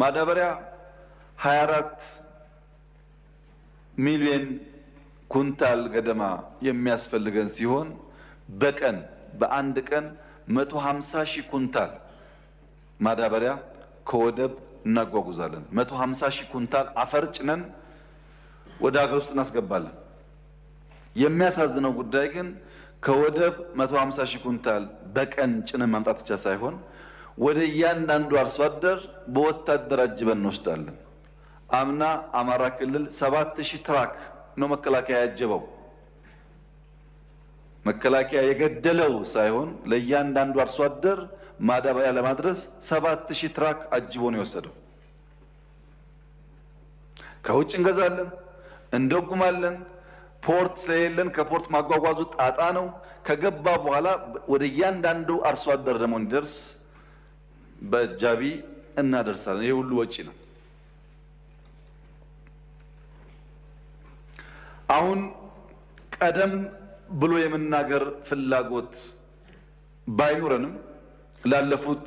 ማዳበሪያ 24 ሚሊዮን ኩንታል ገደማ የሚያስፈልገን ሲሆን በቀን በአንድ ቀን 150 ሺህ ኩንታል ማዳበሪያ ከወደብ እናጓጉዛለን። 150 ሺህ ኩንታል አፈር ጭነን ወደ ሀገር ውስጥ እናስገባለን። የሚያሳዝነው ጉዳይ ግን ከወደብ 150 ሺህ ኩንታል በቀን ጭነን ማምጣት ብቻ ሳይሆን ወደ እያንዳንዱ አርሶ አደር በወታደር አጅበን እንወስዳለን። አምና አማራ ክልል ሰባት ሺህ ትራክ ነው መከላከያ ያጀበው። መከላከያ የገደለው ሳይሆን ለእያንዳንዱ አርሶ አደር ማዳበሪያ ለማድረስ ሰባት ሺህ ትራክ አጅቦ ነው የወሰደው። ከውጭ እንገዛለን፣ እንደጉማለን። ፖርት ስለሌለን ከፖርት ማጓጓዙ ጣጣ ነው። ከገባ በኋላ ወደ እያንዳንዱ አርሶ አደር ደግሞ እንዲደርስ በእጃቢ እናደርሳለን። ይህ ሁሉ ወጪ ነው። አሁን ቀደም ብሎ የመናገር ፍላጎት ባይኖረንም ላለፉት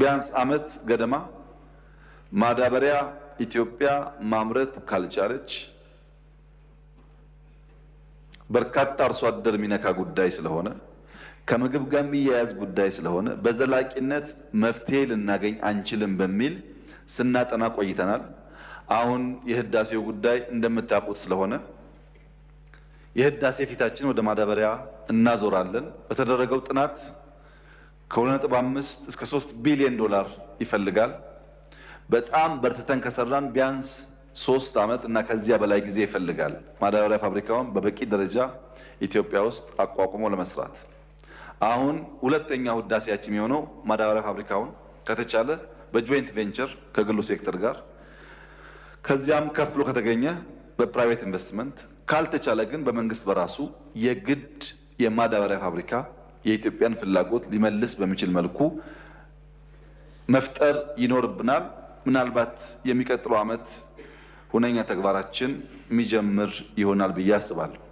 ቢያንስ ዓመት ገደማ ማዳበሪያ ኢትዮጵያ ማምረት ካልቻለች በርካታ አርሶ አደር የሚነካ ጉዳይ ስለሆነ ከምግብ ጋር የሚያያዝ ጉዳይ ስለሆነ በዘላቂነት መፍትሄ ልናገኝ አንችልም በሚል ስናጠና ቆይተናል። አሁን የህዳሴው ጉዳይ እንደምታውቁት ስለሆነ የህዳሴ ፊታችን ወደ ማዳበሪያ እናዞራለን። በተደረገው ጥናት ከ2.5 እስከ 3 ቢሊዮን ዶላር ይፈልጋል። በጣም በርትተን ከሰራን ቢያንስ ሶስት ዓመት እና ከዚያ በላይ ጊዜ ይፈልጋል። ማዳበሪያ ፋብሪካውን በበቂ ደረጃ ኢትዮጵያ ውስጥ አቋቁሞ ለመስራት አሁን ሁለተኛ ውዳሴያችን የሆነው ማዳበሪያ ፋብሪካውን ከተቻለ በጆይንት ቬንቸር ከግሉ ሴክተር ጋር ከዚያም ከፍ ብሎ ከተገኘ በፕራይቬት ኢንቨስትመንት ካልተቻለ ግን በመንግስት በራሱ የግድ የማዳበሪያ ፋብሪካ የኢትዮጵያን ፍላጎት ሊመልስ በሚችል መልኩ መፍጠር ይኖርብናል። ምናልባት የሚቀጥለው ዓመት ሁነኛ ተግባራችን የሚጀምር ይሆናል ብዬ አስባለሁ።